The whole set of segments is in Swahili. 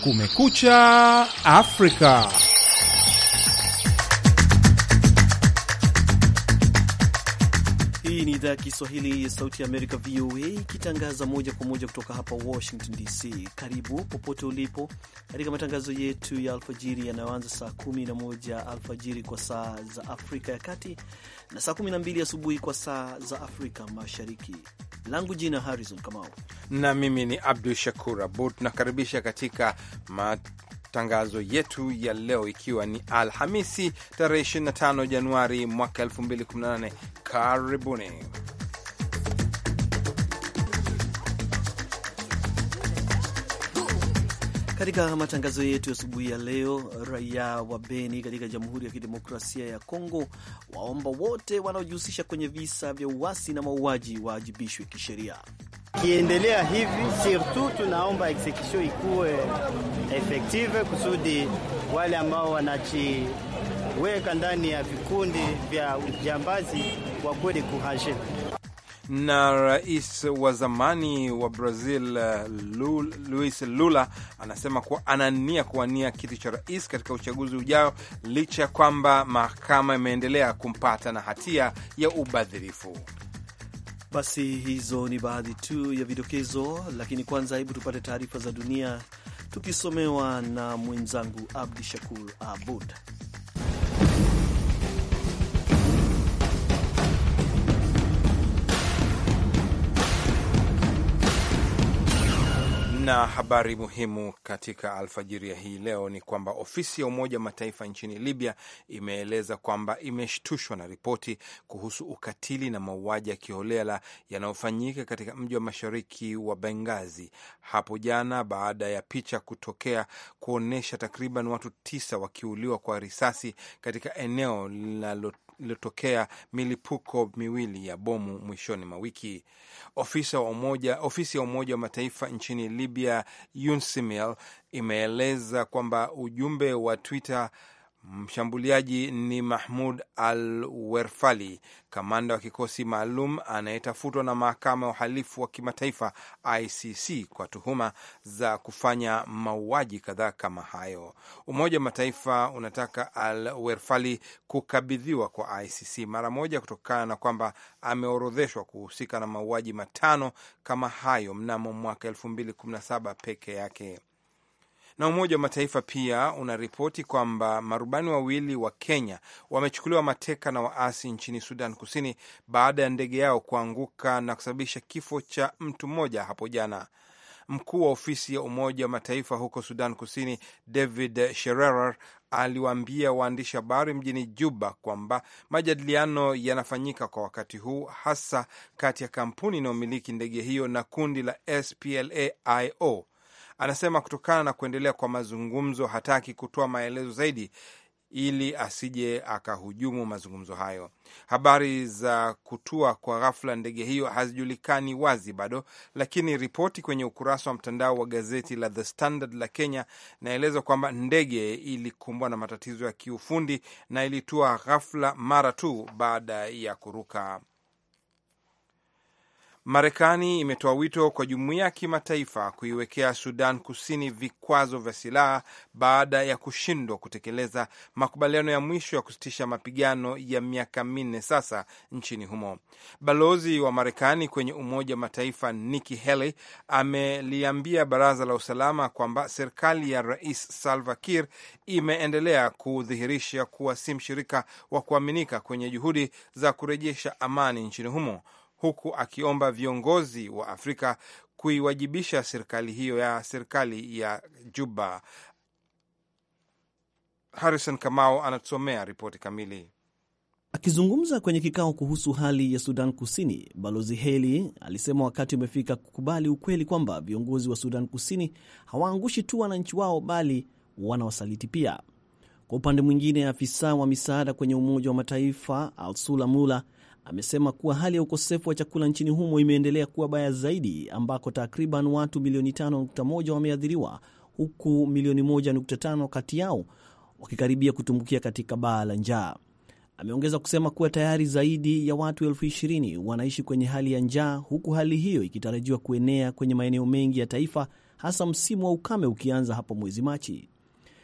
Kumekucha Afrika. Hii ni idhaa ya Kiswahili ya Sauti ya Amerika, VOA, ikitangaza moja kwa moja kutoka hapa Washington DC. Karibu popote ulipo katika matangazo yetu ya alfajiri yanayoanza saa 11 alfajiri kwa saa za Afrika ya Kati na saa 12 asubuhi kwa saa za Afrika Mashariki. Langu jina Harrison Kamau na mimi ni Abdu Shakur Abud, nakaribisha katika mat matangazo yetu ya leo, ikiwa ni Alhamisi tarehe 25 Januari mwaka 2018. Karibuni. Katika matangazo yetu asubuhi ya leo, raia wa Beni katika Jamhuri ya Kidemokrasia ya Kongo waomba wote wanaojihusisha kwenye visa vya uasi na mauaji waajibishwe kisheria kiendelea hivi, surtout tunaomba execution ikuwe effective kusudi wale ambao wanajiweka ndani ya vikundi vya ujambazi wa kweli kuhashe na rais wa zamani wa Brazil Luis Lula anasema kuwa anania kuwania kiti cha rais katika uchaguzi ujao licha ya kwamba mahakama imeendelea kumpata na hatia ya ubadhirifu. Basi hizo ni baadhi tu ya vidokezo, lakini kwanza, hebu tupate taarifa za dunia tukisomewa na mwenzangu Abdi Shakur Abud. Na habari muhimu katika alfajiri ya hii leo ni kwamba ofisi ya Umoja wa Mataifa nchini Libya imeeleza kwamba imeshtushwa na ripoti kuhusu ukatili na mauaji ya kiholela yanayofanyika katika mji wa mashariki wa Bengazi hapo jana baada ya picha kutokea kuonyesha takriban watu tisa wakiuliwa kwa risasi katika eneo linalo iliyotokea milipuko miwili ya bomu mwishoni mwa wiki. Ofisi ya Umoja wa Mataifa nchini Libya, UNSMIL, imeeleza kwamba ujumbe wa Twitter Mshambuliaji ni Mahmud Al Werfali, kamanda wa kikosi maalum anayetafutwa na mahakama ya uhalifu wa kimataifa ICC kwa tuhuma za kufanya mauaji kadhaa kama hayo. Umoja wa Mataifa unataka Al Werfali kukabidhiwa kwa ICC mara moja kutokana na kwamba ameorodheshwa kuhusika na mauaji matano kama hayo mnamo mwaka 2017 peke yake. Na Umoja wa Mataifa pia unaripoti kwamba marubani wawili wa Kenya wamechukuliwa mateka na waasi nchini Sudan Kusini baada ya ndege yao kuanguka na kusababisha kifo cha mtu mmoja hapo jana. Mkuu wa ofisi ya Umoja wa Mataifa huko Sudan Kusini, David Sherrer, aliwaambia waandishi habari mjini Juba kwamba majadiliano yanafanyika kwa wakati huu, hasa kati ya kampuni inayomiliki ndege hiyo na kundi la splaio io Anasema kutokana na kuendelea kwa mazungumzo hataki kutoa maelezo zaidi ili asije akahujumu mazungumzo hayo. Habari za kutua kwa ghafla ndege hiyo hazijulikani wazi bado, lakini ripoti kwenye ukurasa wa mtandao wa gazeti la The Standard la Kenya inaeleza kwamba ndege ilikumbwa na matatizo ya kiufundi na ilitua ghafla mara tu baada ya kuruka. Marekani imetoa wito kwa jumuiya ya kimataifa kuiwekea Sudan Kusini vikwazo vya silaha baada ya kushindwa kutekeleza makubaliano ya mwisho ya kusitisha mapigano ya miaka minne sasa nchini humo. Balozi wa Marekani kwenye Umoja wa Mataifa Nikki Haley ameliambia Baraza la Usalama kwamba serikali ya Rais Salva Kiir imeendelea kudhihirisha kuwa si mshirika wa kuaminika kwenye juhudi za kurejesha amani nchini humo huku akiomba viongozi wa Afrika kuiwajibisha serikali hiyo ya serikali ya Juba. Harrison Kamau anatusomea ripoti kamili. Akizungumza kwenye kikao kuhusu hali ya Sudan Kusini, Balozi heli alisema wakati umefika kukubali ukweli kwamba viongozi wa Sudan Kusini hawaangushi tu wananchi wao, bali wanawasaliti pia. Kwa upande mwingine, afisa wa misaada kwenye Umoja wa Mataifa alsula mula amesema kuwa hali ya ukosefu wa chakula nchini humo imeendelea kuwa baya zaidi, ambako takriban watu milioni 5.1 wameathiriwa huku milioni 1.5 kati yao wakikaribia kutumbukia katika baa la njaa. Ameongeza kusema kuwa tayari zaidi ya watu elfu ishirini wanaishi kwenye hali ya njaa, huku hali hiyo ikitarajiwa kuenea kwenye maeneo mengi ya taifa, hasa msimu wa ukame ukianza hapo mwezi Machi.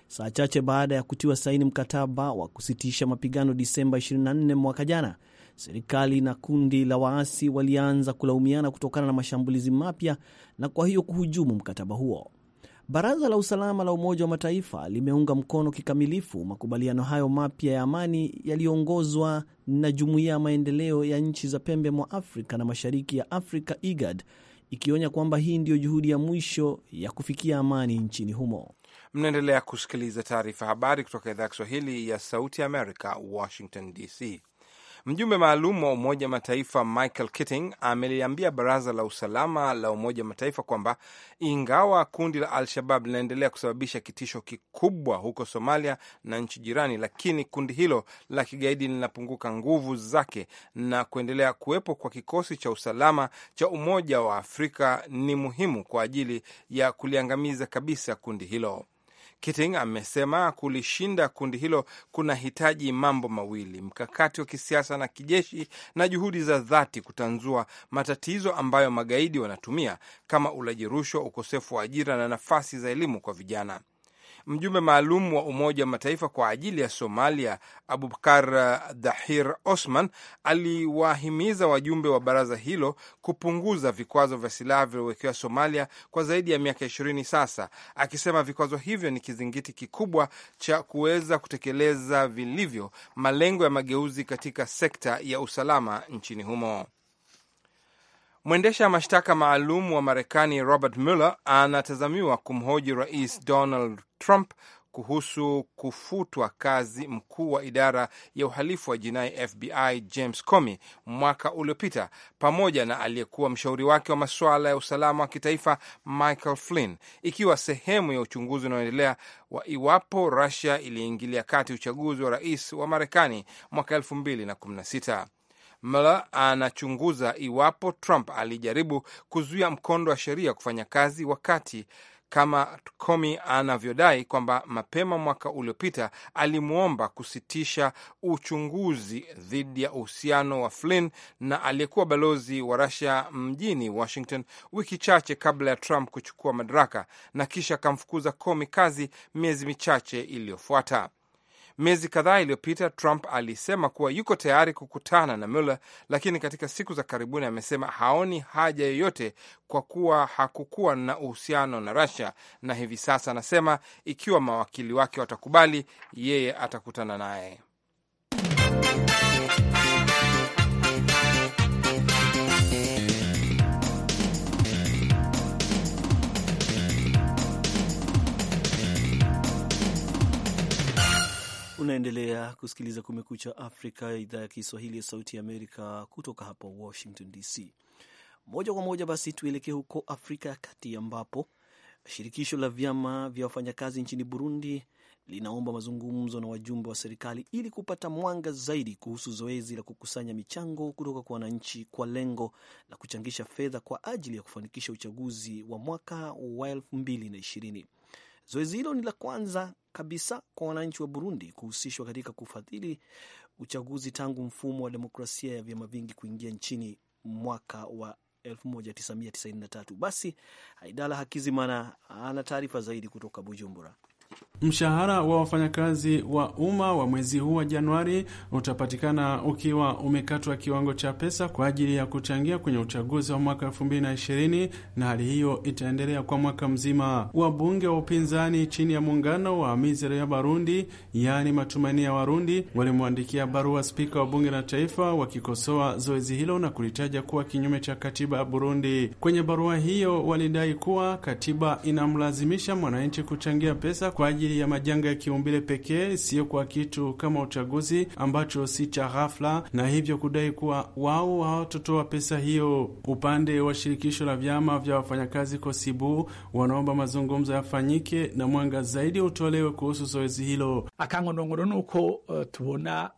Saa chache baada ya kutiwa saini mkataba wa kusitisha mapigano Disemba 24 mwaka jana, serikali na kundi la waasi walianza kulaumiana kutokana na mashambulizi mapya na kwa hiyo kuhujumu mkataba huo. Baraza la usalama la Umoja wa Mataifa limeunga mkono kikamilifu makubaliano hayo mapya ya amani yaliyoongozwa na Jumuiya ya Maendeleo ya Nchi za Pembe mwa Afrika na Mashariki ya Afrika, IGAD, ikionya kwamba hii ndiyo juhudi ya mwisho ya kufikia amani nchini humo. Mnaendelea kusikiliza taarifa habari kutoka idhaa ya Kiswahili ya Sauti ya Amerika, Washington DC. Mjumbe maalum wa Umoja Mataifa Michael kitting ameliambia Baraza la Usalama la Umoja Mataifa kwamba ingawa kundi la Al-Shabab linaendelea kusababisha kitisho kikubwa huko Somalia na nchi jirani, lakini kundi hilo la kigaidi linapunguka nguvu zake na kuendelea kuwepo kwa kikosi cha usalama cha Umoja wa Afrika ni muhimu kwa ajili ya kuliangamiza kabisa kundi hilo. Kiting amesema kulishinda kundi hilo kuna hitaji mambo mawili: mkakati wa kisiasa na kijeshi na juhudi za dhati kutanzua matatizo ambayo magaidi wanatumia kama ulaji rushwa, ukosefu wa ajira na nafasi za elimu kwa vijana mjumbe maalum wa Umoja wa Mataifa kwa ajili ya Somalia Abubakar Dahir Osman aliwahimiza wajumbe wa baraza hilo kupunguza vikwazo vya silaha vilivyowekewa Somalia kwa zaidi ya miaka ishirini sasa, akisema vikwazo hivyo ni kizingiti kikubwa cha kuweza kutekeleza vilivyo malengo ya mageuzi katika sekta ya usalama nchini humo. Mwendesha mashtaka maalum wa Marekani Robert Mueller anatazamiwa kumhoji Rais Donald Trump kuhusu kufutwa kazi mkuu wa idara ya uhalifu wa jinai FBI James Comey mwaka uliopita, pamoja na aliyekuwa mshauri wake wa masuala ya usalama wa kitaifa Michael Flynn, ikiwa sehemu ya uchunguzi unaoendelea wa iwapo Russia iliingilia kati uchaguzi wa rais wa Marekani mwaka 216 Mueller anachunguza iwapo Trump alijaribu kuzuia mkondo wa sheria kufanya kazi wakati kama Comey anavyodai kwamba mapema mwaka uliopita alimwomba kusitisha uchunguzi dhidi ya uhusiano wa Flynn na aliyekuwa balozi wa Russia mjini Washington wiki chache kabla ya Trump kuchukua madaraka na kisha akamfukuza Comey kazi miezi michache iliyofuata. Miezi kadhaa iliyopita, Trump alisema kuwa yuko tayari kukutana na Mueller, lakini katika siku za karibuni amesema haoni haja yoyote kwa kuwa hakukuwa na uhusiano na Russia, na hivi sasa anasema ikiwa mawakili wake watakubali, yeye atakutana naye. Unaendelea kusikiliza Kumekucha Afrika ya idhaa ya Kiswahili ya Sauti ya Amerika kutoka hapa Washington DC. Moja kwa moja basi tuelekee huko Afrika ya Kati, ambapo shirikisho la vyama vya wafanyakazi nchini Burundi linaomba mazungumzo na wajumbe wa serikali ili kupata mwanga zaidi kuhusu zoezi la kukusanya michango kutoka kwa wananchi kwa lengo la kuchangisha fedha kwa ajili ya kufanikisha uchaguzi wa mwaka wa elfu mbili na ishirini. Zoezi hilo ni la kwanza kabisa kwa wananchi wa Burundi kuhusishwa katika kufadhili uchaguzi tangu mfumo wa demokrasia ya vyama vingi kuingia nchini mwaka wa 1993. Basi Haidala Hakizimana ana taarifa zaidi kutoka Bujumbura. Mshahara wa wafanyakazi wa umma wa mwezi huu wa Januari utapatikana ukiwa umekatwa kiwango cha pesa kwa ajili ya kuchangia kwenye uchaguzi wa mwaka mbili na hali hiyo itaendelea kwa mwaka mzima. Wabunge wa upinzani chini ya muungano wa Amizero ya Barundi, yaani matumaini ya Warundi, walimwandikia barua spika wa bunge la taifa wakikosoa zoezi hilo na kulitaja kuwa kinyume cha katiba ya Burundi. Kwenye barua hiyo walidai kuwa katiba inamlazimisha mwananchi kuchangia pesa kwa kwa ajili ya majanga ya kiumbile pekee, siyo kwa kitu kama uchaguzi ambacho si cha ghafla, na hivyo kudai kuwa wao hawatotoa pesa hiyo. Upande wa shirikisho la vyama vya wafanyakazi Kosibu wanaomba mazungumzo yafanyike na mwanga zaidi utolewe kuhusu zoezi hilo. akangonongoro nuko uh, tubona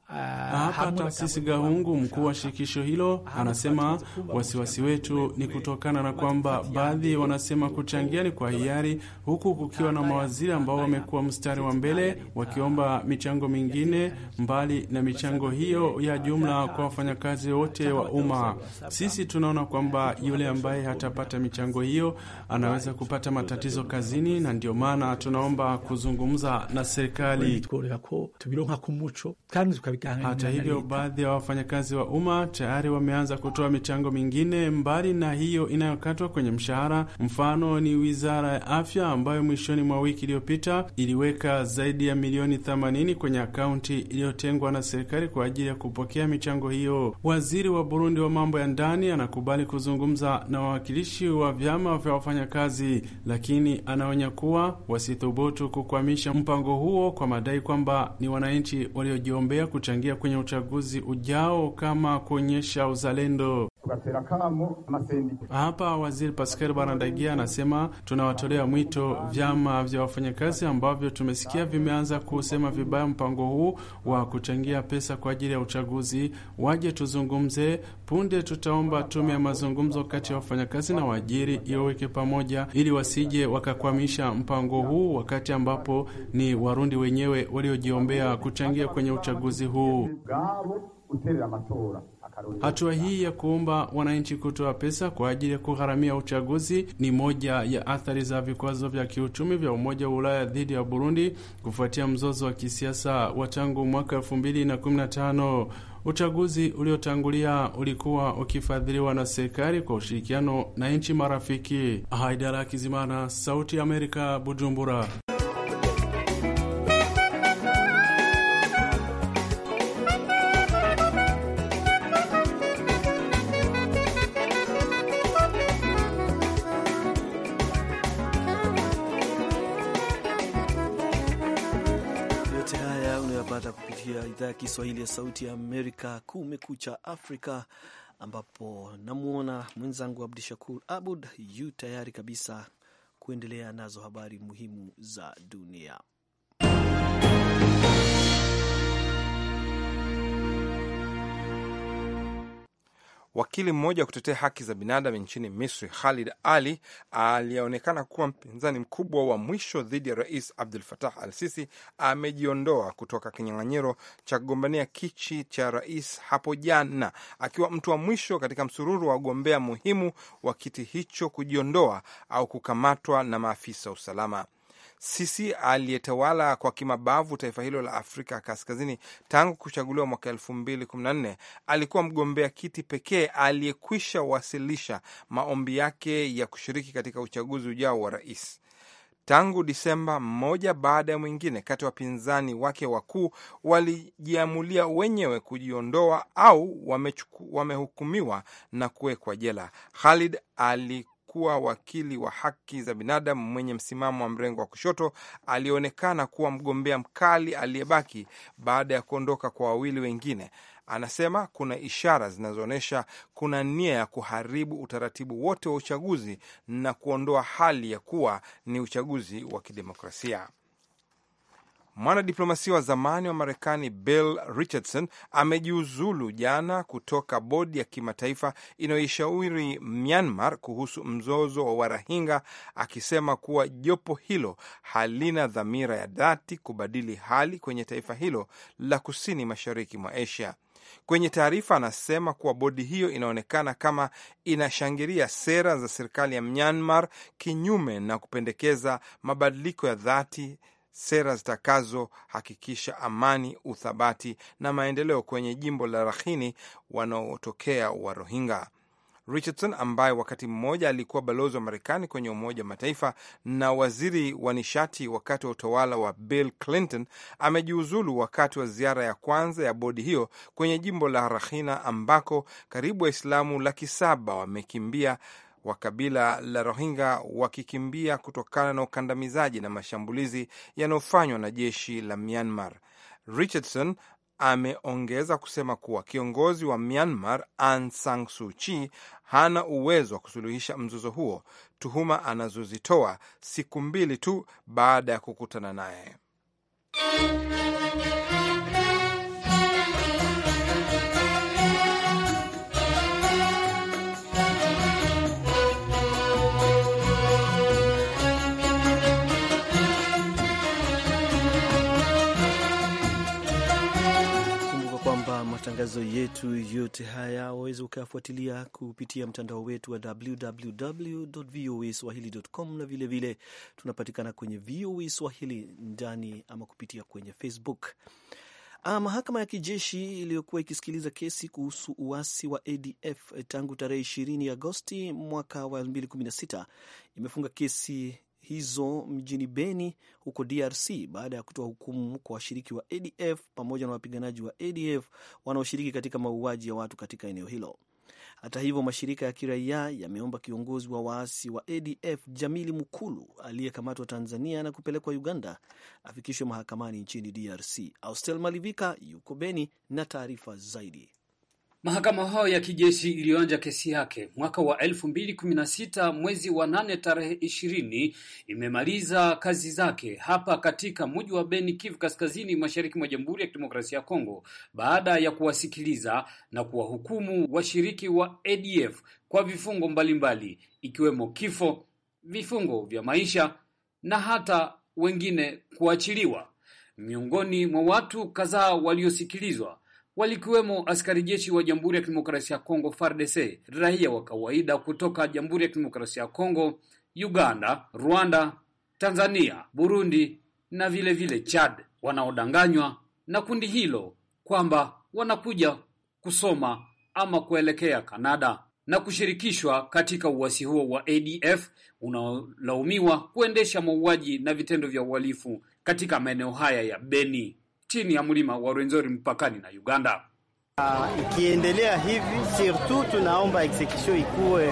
hata sisi Gahungu, mkuu wa shirikisho hilo, anasema wasiwasi wetu ni kutokana na kwamba baadhi wanasema kuchangia ni kwa hiari, huku kukiwa na mawaziri ambao wamekuwa mstari wa mbele wakiomba michango mingine mbali na michango hiyo ya jumla kwa wafanyakazi wote wa umma. Sisi tunaona kwamba yule ambaye hatapata michango hiyo anaweza kupata matatizo kazini, na ndio maana tunaomba kuzungumza na serikali hata hivyo, baadhi ya wafanyakazi wa umma tayari wameanza kutoa michango mingine mbali na hiyo inayokatwa kwenye mshahara. Mfano ni wizara ya afya ambayo mwishoni mwa wiki iliyopita iliweka zaidi ya milioni 80 kwenye akaunti iliyotengwa na serikali kwa ajili ya kupokea michango hiyo. Waziri wa Burundi wa mambo ya ndani anakubali kuzungumza na wawakilishi wa vyama vya wafanyakazi, lakini anaonya kuwa wasithubutu kukwamisha mpango huo kwa madai kwamba ni wananchi waliojiombea kuchangia kwenye uchaguzi ujao kama kuonyesha uzalendo hapa. Waziri Pascal Barandagia anasema tunawatolea mwito vyama vya wafanyakazi ambavyo tumesikia vimeanza kusema vibaya mpango huu wa kuchangia pesa kwa ajili ya uchaguzi, waje tuzungumze. Punde tutaomba tume ya mazungumzo kati ya wafanyakazi na waajiri iweke pamoja, ili wasije wakakwamisha mpango huu, wakati ambapo ni Warundi wenyewe waliojiombea kuchangia kwenye uchaguzi huu. Hatua hii ya kuomba wananchi kutoa pesa kwa ajili ya kugharamia uchaguzi ni moja ya athari za vikwazo vya kiuchumi vya Umoja wa Ulaya dhidi ya Burundi kufuatia mzozo wa kisiasa wa tangu mwaka na tano. Uchaguzi uliotangulia ulikuwa ukifadhiliwa na serikali kwa ushirikiano na nchi marafiki. Haidara Kizimana, Sauti ya Amerika, Bujumbura. Kiswahili ya Sauti ya Amerika, Kumekucha Afrika, ambapo namwona mwenzangu Abdu Shakur Abud yu tayari kabisa kuendelea nazo habari muhimu za dunia. Wakili mmoja wa kutetea haki za binadamu nchini Misri, Khalid Ali, aliyeonekana kuwa mpinzani mkubwa wa mwisho dhidi ya rais Abdul Fatah al Sisi, amejiondoa kutoka kinyang'anyiro cha kugombania kichi cha rais hapo jana, akiwa mtu wa mwisho katika msururu wa wagombea muhimu wa kiti hicho kujiondoa au kukamatwa na maafisa usalama. Sisi aliyetawala kwa kimabavu taifa hilo la Afrika Kaskazini tangu kuchaguliwa mwaka elfu mbili kumi na nne alikuwa mgombea kiti pekee aliyekwisha wasilisha maombi yake ya kushiriki katika uchaguzi ujao wa rais tangu Disemba, mmoja baada ya mwingine kati ya wapinzani wake wakuu walijiamulia wenyewe kujiondoa au wamehukumiwa na kuwekwa jela. Khalid ali kuwa wakili wa haki za binadamu mwenye msimamo wa mrengo wa kushoto alionekana kuwa mgombea mkali aliyebaki baada ya kuondoka kwa wawili wengine. Anasema kuna ishara zinazoonyesha kuna nia ya kuharibu utaratibu wote wa uchaguzi na kuondoa hali ya kuwa ni uchaguzi wa kidemokrasia. Mwanadiplomasia wa zamani wa Marekani Bill Richardson amejiuzulu jana kutoka bodi ya kimataifa inayoishauri Myanmar kuhusu mzozo wa Warahinga, akisema kuwa jopo hilo halina dhamira ya dhati kubadili hali kwenye taifa hilo la kusini mashariki mwa Asia. Kwenye taarifa anasema kuwa bodi hiyo inaonekana kama inashangilia sera za serikali ya Myanmar kinyume na kupendekeza mabadiliko ya dhati sera zitakazohakikisha amani, uthabati na maendeleo kwenye jimbo la Rakhine wanaotokea wa Rohingya. Richardson ambaye wakati mmoja alikuwa balozi wa Marekani kwenye Umoja wa Mataifa na waziri wa nishati wakati wa utawala wa Bill Clinton amejiuzulu wakati wa ziara ya kwanza ya bodi hiyo kwenye jimbo la rahina ambako karibu Waislamu laki saba wamekimbia wa kabila la Rohingya wakikimbia kutokana na ukandamizaji na mashambulizi yanayofanywa na jeshi la Myanmar. Richardson ameongeza kusema kuwa kiongozi wa Myanmar Aung San Suu Kyi hana uwezo wa kusuluhisha mzozo huo, tuhuma anazozitoa siku mbili tu baada ya kukutana naye. Matangazo yetu yote haya waweza ukayafuatilia kupitia mtandao wetu wa www VOA swahilicom, na vilevile tunapatikana kwenye VOA Swahili ndani ama kupitia kwenye Facebook. Ah, mahakama ya kijeshi iliyokuwa ikisikiliza kesi kuhusu uasi wa ADF tangu tarehe 20 Agosti mwaka wa 2016 imefunga kesi hizo mjini Beni huko DRC baada ya kutoa hukumu kwa washiriki wa ADF pamoja na wapiganaji wa ADF wanaoshiriki katika mauaji ya watu katika eneo hilo. Hata hivyo, mashirika ya kiraia yameomba kiongozi wa waasi wa ADF Jamili Mukulu aliyekamatwa Tanzania na kupelekwa Uganda afikishwe mahakamani nchini DRC. Austel Malivika yuko Beni na taarifa zaidi. Mahakama hayo ya kijeshi iliyoanza kesi yake mwaka wa elfu mbili kumi na sita mwezi wa nane tarehe ishirini imemaliza kazi zake hapa katika mji wa Beni, Kivu Kaskazini, mashariki mwa Jamhuri ya Kidemokrasia ya Kongo, baada ya kuwasikiliza na kuwahukumu washiriki wa ADF kwa vifungo mbalimbali ikiwemo kifo, vifungo vya maisha na hata wengine kuachiliwa. Miongoni mwa watu kadhaa waliosikilizwa walikiwemo askari jeshi wa Jamhuri ya Kidemokrasia ya Kongo FARDC, raia wa kawaida kutoka Jamhuri ya Kidemokrasia ya Kongo, Uganda, Rwanda, Tanzania, Burundi na vile vile Chad, wanaodanganywa na kundi hilo kwamba wanakuja kusoma ama kuelekea Kanada na kushirikishwa katika uasi huo wa ADF unaolaumiwa kuendesha mauaji na vitendo vya uhalifu katika maeneo haya ya Beni, chini ya mlima wa Rwenzori mpakani na Uganda. Uh, ikiendelea hivi surtout tunaomba execution ikuwe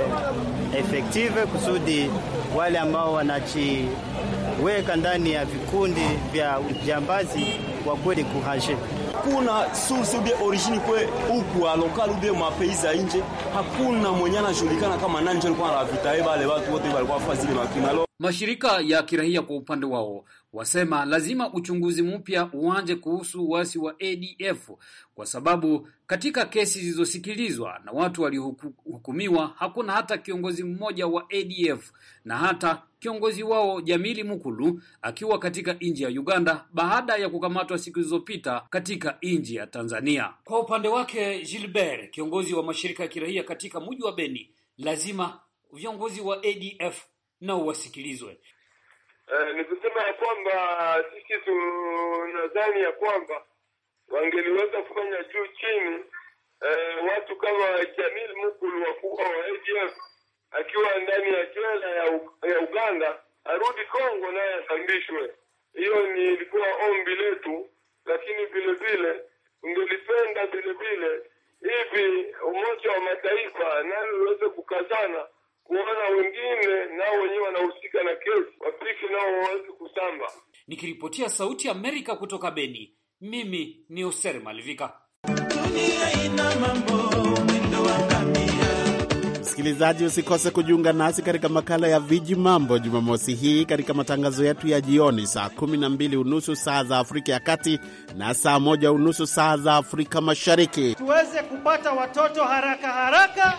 effective kusudi wale ambao wanachiweka ndani ya vikundi vya ujambazi wa kweli kuhashe kuna source de origine kwe huku a local ude mapeiza nje, hakuna mwenye anajulikana kama nani alikuwa anavitae eh, wale watu wote walikuwa fazile makina. Mashirika ya kirahia kwa upande wao wasema lazima uchunguzi mpya uanze kuhusu uasi wa ADF kwa sababu katika kesi zilizosikilizwa na watu waliohukumiwa hakuna hata kiongozi mmoja wa ADF na hata kiongozi wao Jamili Mukulu akiwa katika nchi ya Uganda baada ya kukamatwa siku zilizopita katika nchi ya Tanzania. Kwa upande wake, Gilbert, kiongozi wa mashirika ya kiraia katika mji wa Beni, lazima viongozi wa ADF nao wasikilizwe. Eh, ni kusema ya kwamba sisi tunadhani ya kwamba wangeliweza kufanya juu chini eh, watu kama Jamil Mukulu wakuwa wa ADF akiwa ndani ya jela ya, ya Uganda arudi Kongo naye asambishwe. Hiyo ni ilikuwa ombi letu, lakini vile vile ungelipenda vile vile hivi Umoja wa Mataifa nayo uweze kukazana nikiripotia Sauti ya Amerika kutoka Beni. Mimi ni Oser Malivika. Msikilizaji, usikose kujiunga nasi katika makala ya Viji Mambo Jumamosi hii katika matangazo yetu ya jioni saa kumi na mbili unusu saa za Afrika ya Kati na saa moja unusu saa za Afrika Mashariki, tuweze kupata watoto haraka haraka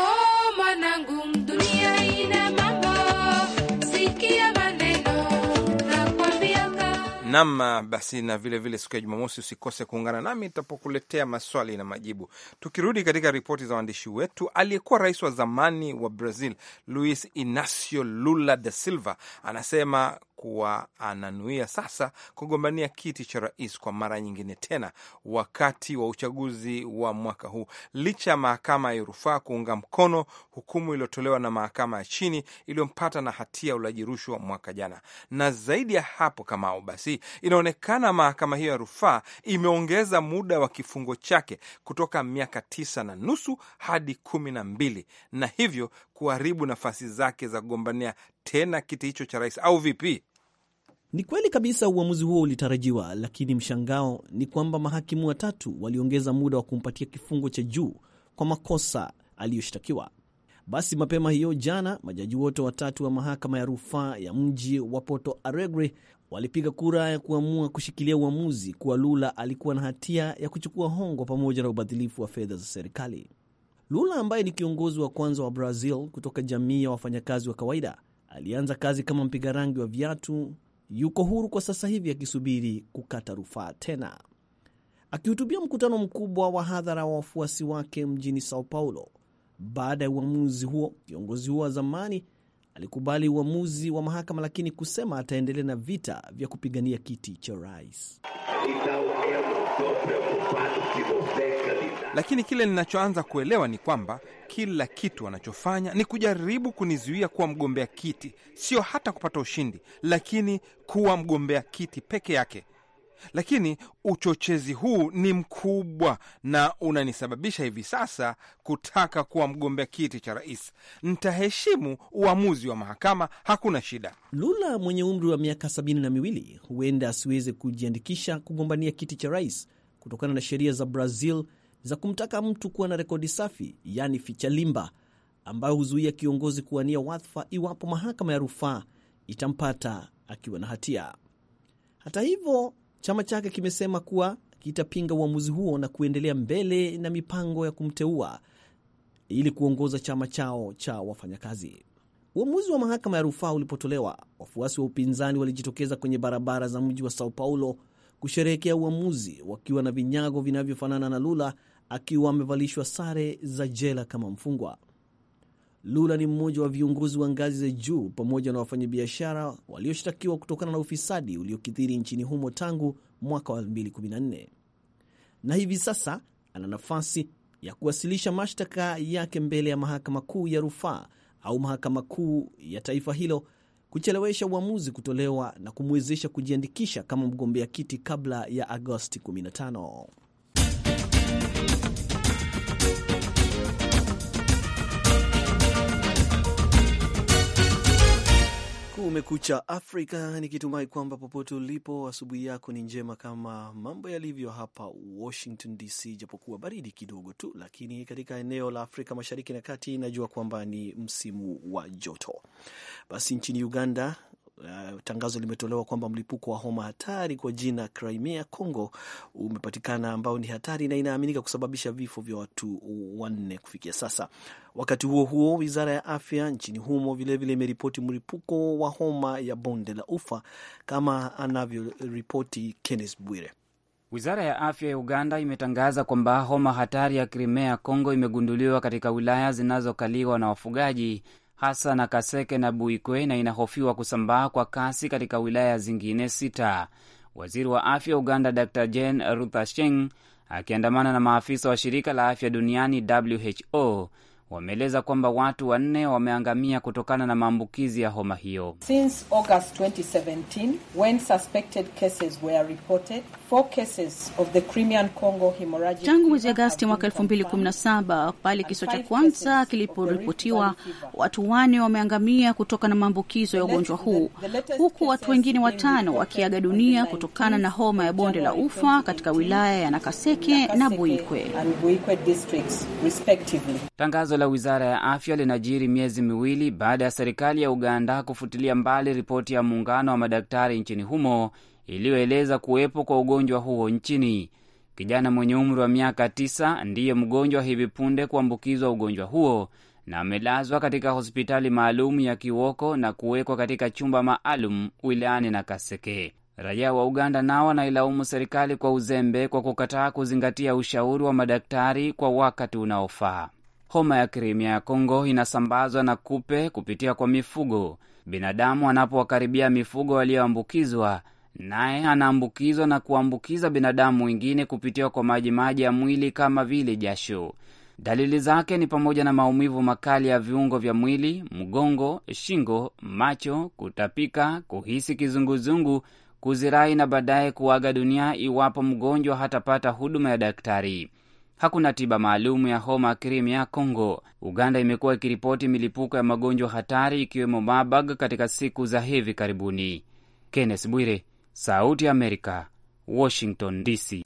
nam basi na vilevile vile siku ya Jumamosi usikose kuungana nami itapokuletea maswali na majibu. Tukirudi katika ripoti za waandishi wetu, aliyekuwa rais wa zamani wa Brazil Luis Inacio Lula da Silva anasema kuwa ananuia sasa kugombania kiti cha rais kwa mara nyingine tena wakati wa uchaguzi wa mwaka huu, licha ya mahakama ya rufaa kuunga mkono hukumu iliyotolewa na mahakama ya chini iliyompata na hatia ya ulaji rushwa mwaka jana. Na zaidi ya hapo, Kamao, basi inaonekana mahakama hiyo ya rufaa imeongeza muda wa kifungo chake kutoka miaka tisa na nusu hadi kumi na mbili na hivyo kuharibu nafasi zake za kugombania tena kiti hicho cha rais au vipi? Ni kweli kabisa uamuzi huo ulitarajiwa, lakini mshangao ni kwamba mahakimu watatu waliongeza muda wa kumpatia kifungo cha juu kwa makosa aliyoshtakiwa. Basi mapema hiyo jana, majaji wote watatu wa mahakama ya rufaa ya mji wa Porto Alegre walipiga kura ya kuamua kushikilia uamuzi kuwa Lula alikuwa na hatia ya kuchukua hongo pamoja na ubadhilifu wa fedha za serikali. Lula ambaye ni kiongozi wa kwanza wa Brazil kutoka jamii ya wafanyakazi wa kawaida alianza kazi kama mpiga rangi wa viatu yuko huru kwa sasa hivi akisubiri kukata rufaa tena. Akihutubia mkutano mkubwa wa hadhara wa wafuasi wake mjini Sao Paulo baada ya uamuzi huo, kiongozi huo wa zamani alikubali uamuzi wa mahakama, lakini kusema ataendelea na vita vya kupigania kiti cha rais. Lakini kile ninachoanza kuelewa ni kwamba kila kitu wanachofanya ni kujaribu kunizuia kuwa mgombea kiti, sio hata kupata ushindi, lakini kuwa mgombea kiti peke yake. Lakini uchochezi huu ni mkubwa na unanisababisha hivi sasa kutaka kuwa mgombea kiti cha rais. ntaheshimu uamuzi wa mahakama, hakuna shida. Lula mwenye umri wa miaka sabini na miwili huenda asiweze kujiandikisha kugombania kiti cha rais kutokana na sheria za Brazil za kumtaka mtu kuwa na rekodi safi, yani ficha limba, ambayo huzuia kiongozi kuwania wadhifa iwapo mahakama ya rufaa itampata akiwa na hatia. Hata hivyo, chama chake kimesema kuwa kitapinga uamuzi huo na kuendelea mbele na mipango ya kumteua ili kuongoza chama chao cha wafanyakazi. Uamuzi wa mahakama ya rufaa ulipotolewa, wafuasi wa upinzani walijitokeza kwenye barabara za mji wa Sao Paulo kusherehekea uamuzi wakiwa na vinyago vinavyofanana na Lula akiwa amevalishwa sare za jela kama mfungwa. Lula ni mmoja wa viongozi wa ngazi za juu pamoja na wafanyabiashara walioshtakiwa kutokana na ufisadi uliokithiri nchini humo tangu mwaka wa 2014 na hivi sasa ana nafasi ya kuwasilisha mashtaka yake mbele ya mahakama kuu ya rufaa au mahakama kuu ya taifa hilo kuchelewesha uamuzi kutolewa na kumwezesha kujiandikisha kama mgombea kiti kabla ya Agosti 15. Kumekucha Afrika, nikitumai kwamba popote ulipo asubuhi yako ni njema kama mambo yalivyo hapa Washington DC, japokuwa baridi kidogo tu, lakini katika eneo la Afrika Mashariki na Kati najua kwamba ni msimu wa joto. Basi nchini Uganda uh, tangazo limetolewa kwamba mlipuko wa homa hatari kwa jina Crimea Congo umepatikana ambao ni hatari na inaaminika kusababisha vifo vya watu wanne kufikia sasa. Wakati huo huo, wizara ya afya nchini humo vilevile imeripoti mlipuko wa homa ya bonde la ufa kama anavyoripoti Kenneth Bwire. Wizara ya afya ya Uganda imetangaza kwamba homa hatari ya Crimea Congo imegunduliwa katika wilaya zinazokaliwa na wafugaji hasa na Kaseke na Buikwe, na inahofiwa kusambaa kwa kasi katika wilaya zingine sita. Waziri wa afya Uganda Dr Jane Ruthaceng akiandamana na maafisa wa shirika la afya duniani WHO wameeleza kwamba watu wanne wameangamia kutokana na maambukizi ya homa hiyo. Since August 2017, when suspected cases were reported, four cases of the Crimean Congo hemorrhagic. Tangu mwezi Agasti mwaka 2017 pale kiswa cha kwanza kiliporipotiwa, watu wanne wameangamia kutoka na maambukizo ya ugonjwa huu, huku watu wengine watano wakiaga dunia kutokana na homa ya bonde la ufa katika wilaya ya Nakaseke na Buikwe. Tangazo la wizara ya afya linajiri miezi miwili baada ya serikali ya Uganda kufutilia mbali ripoti ya muungano wa madaktari nchini humo iliyoeleza kuwepo kwa ugonjwa huo nchini. Kijana mwenye umri wa miaka tisa ndiye mgonjwa hivi punde kuambukizwa ugonjwa huo na amelazwa katika hospitali maalum ya Kiwoko na kuwekwa katika chumba maalum wilayani na Kaseke. Raia wa Uganda nao wanailaumu serikali kwa uzembe kwa kukataa kuzingatia ushauri wa madaktari kwa wakati unaofaa. Homa ya krimia ya Kongo inasambazwa na kupe kupitia kwa mifugo. Binadamu anapowakaribia mifugo walioambukizwa, naye anaambukizwa na kuambukiza binadamu wengine kupitia kwa majimaji ya mwili kama vile jasho. Dalili zake ni pamoja na maumivu makali ya viungo vya mwili, mgongo, shingo, macho, kutapika, kuhisi kizunguzungu, kuzirai na baadaye kuaga dunia iwapo mgonjwa hatapata huduma ya daktari hakuna tiba maalum ya homa ya kirimu ya Congo. Uganda imekuwa ikiripoti milipuko ya magonjwa hatari ikiwemo Marburg katika siku za hivi karibuni. Kenneth Bwire, Sauti ya Amerika, Washington DC.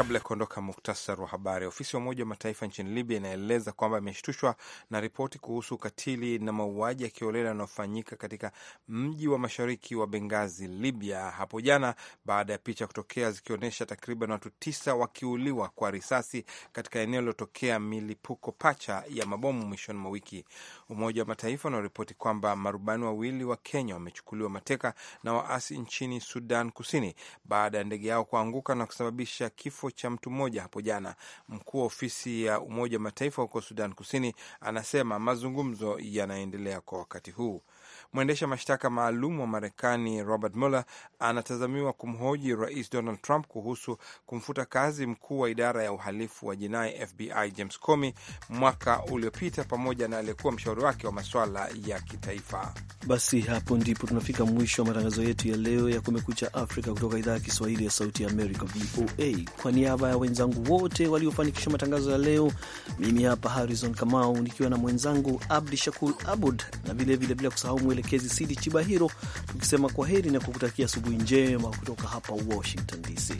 Kabla ya kuondoka, muktasar wa habari. Ofisi ya Umoja wa Mataifa nchini Libya inaeleza kwamba imeshtushwa na ripoti kuhusu ukatili na mauaji ya yanayofanyika katika mji wa mashariki wa Bengazi, Libya, hapo jana baada ya picha kutokea zikionyesha takriban watu tisa wakiuliwa kwa risasi katika eneo lilotokea milipuko pacha ya mabomu mwishoni mwa wiki. Umoja wa Mataifa unaoripoti kwamba marubani wawili wa Kenya wamechukuliwa mateka na waasi nchini Sudan Kusini baada ya ndege yao kuanguka na kusababisha kifo cha mtu mmoja hapo jana. Mkuu wa ofisi ya Umoja wa Mataifa huko Sudan Kusini anasema mazungumzo yanaendelea kwa wakati huu. Mwendesha mashtaka maalum wa Marekani Robert Mueller anatazamiwa kumhoji Rais Donald Trump kuhusu kumfuta kazi mkuu wa idara ya uhalifu wa jinai FBI James Comey mwaka uliopita, pamoja na aliyekuwa mshauri wake wa maswala ya kitaifa. Basi hapo ndipo tunafika mwisho wa matangazo yetu ya leo ya Kumekucha Afrika kutoka idhaa ya Kiswahili ya Sauti ya Amerika, VOA. Kwa niaba ya wenzangu wote waliofanikisha matangazo ya leo, mimi hapa Harrison Kamau nikiwa na mwenzangu Abdi Shakur Abud na vilevile bila kusahau mwelekezi Sidi Chibahiro, tukisema kwa heri na kukutakia asubuhi njema kutoka hapa Washington DC.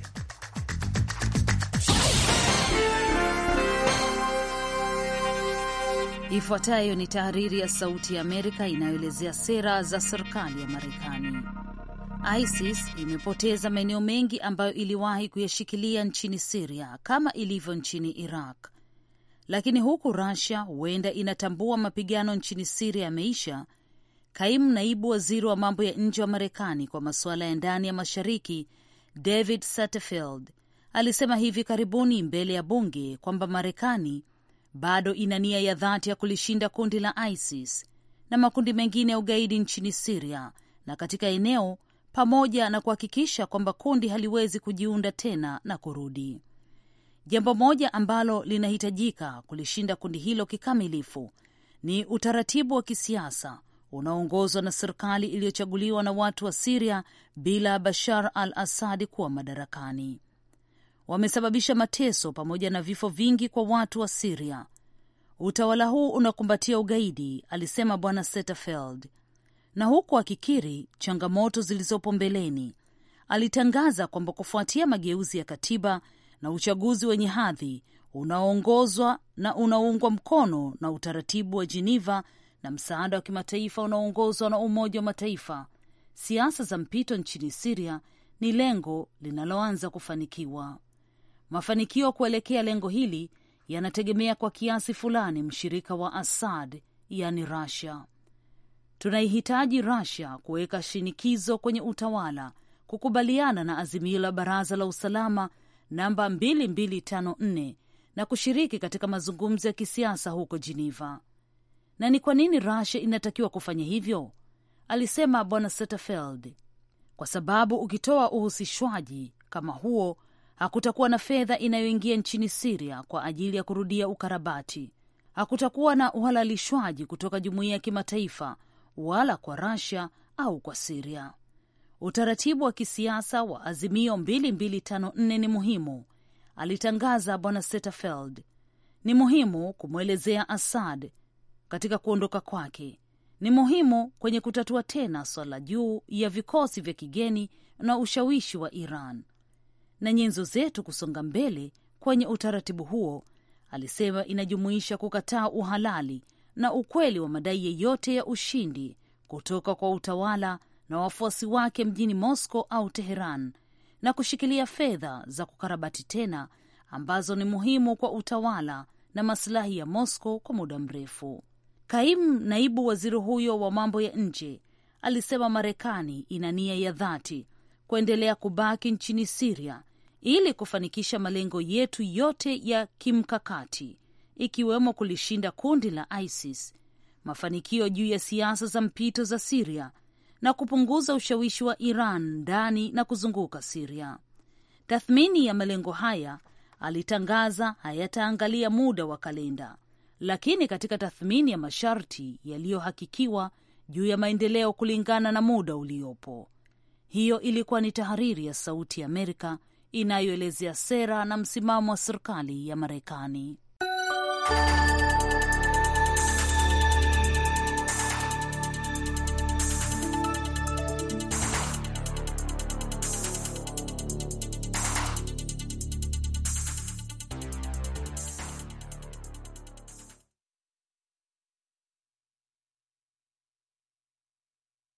Ifuatayo ni tahariri ya Sauti ya Amerika inayoelezea sera za serikali ya Marekani. ISIS imepoteza maeneo mengi ambayo iliwahi kuyashikilia nchini Siria kama ilivyo nchini Iraq, lakini huku rusia huenda inatambua mapigano nchini Siria yameisha, Kaimu naibu waziri wa mambo ya nje wa Marekani kwa masuala ya ndani ya mashariki David Satterfield alisema hivi karibuni mbele ya bunge kwamba Marekani bado ina nia ya dhati ya kulishinda kundi la ISIS na makundi mengine ya ugaidi nchini Siria na katika eneo, pamoja na kuhakikisha kwamba kundi haliwezi kujiunda tena na kurudi. Jambo moja ambalo linahitajika kulishinda kundi hilo kikamilifu ni utaratibu wa kisiasa unaoongozwa na serikali iliyochaguliwa na watu wa Siria bila Bashar al asadi kuwa madarakani. Wamesababisha mateso pamoja na vifo vingi kwa watu wa Siria. Utawala huu unakumbatia ugaidi, alisema Bwana Setterfeld. Na huku akikiri changamoto zilizopo mbeleni, alitangaza kwamba kufuatia mageuzi ya katiba na uchaguzi wenye hadhi unaoongozwa na unaoungwa mkono na utaratibu wa Geneva na msaada wa kimataifa unaoongozwa na Umoja wa Mataifa, siasa za mpito nchini Siria ni lengo linaloanza kufanikiwa. Mafanikio kuelekea lengo hili yanategemea kwa kiasi fulani mshirika wa Assad, yani rusia Tunaihitaji rasia kuweka shinikizo kwenye utawala kukubaliana na azimio la Baraza la Usalama namba 2254 na kushiriki katika mazungumzo ya kisiasa huko Geneva na ni kwa nini Russia inatakiwa kufanya hivyo, alisema Bwana Satterfield, kwa sababu ukitoa uhusishwaji kama huo hakutakuwa na fedha inayoingia nchini Siria kwa ajili ya kurudia ukarabati. Hakutakuwa na uhalalishwaji kutoka jumuiya ya kimataifa wala kwa Russia au kwa Siria. Utaratibu wa kisiasa wa azimio 2254 ni muhimu, alitangaza Bwana Setterfeld. Ni muhimu kumwelezea Assad katika kuondoka kwake ni muhimu kwenye kutatua tena swala juu ya vikosi vya kigeni na ushawishi wa Iran na nyenzo zetu kusonga mbele kwenye utaratibu huo, alisema. Inajumuisha kukataa uhalali na ukweli wa madai yeyote ya ushindi kutoka kwa utawala na wafuasi wake mjini Moscow au Teheran, na kushikilia fedha za kukarabati tena ambazo ni muhimu kwa utawala na masilahi ya Moscow kwa muda mrefu. Kaimu naibu waziri huyo wa mambo ya nje alisema Marekani ina nia ya dhati kuendelea kubaki nchini Siria ili kufanikisha malengo yetu yote ya kimkakati ikiwemo kulishinda kundi la ISIS, mafanikio juu ya siasa za mpito za Siria na kupunguza ushawishi wa Iran ndani na kuzunguka Siria. Tathmini ya malengo haya, alitangaza, hayataangalia muda wa kalenda lakini katika tathmini ya masharti yaliyohakikiwa juu ya maendeleo kulingana na muda uliopo. Hiyo ilikuwa ni tahariri ya Sauti ya Amerika inayoelezea sera na msimamo wa serikali ya Marekani.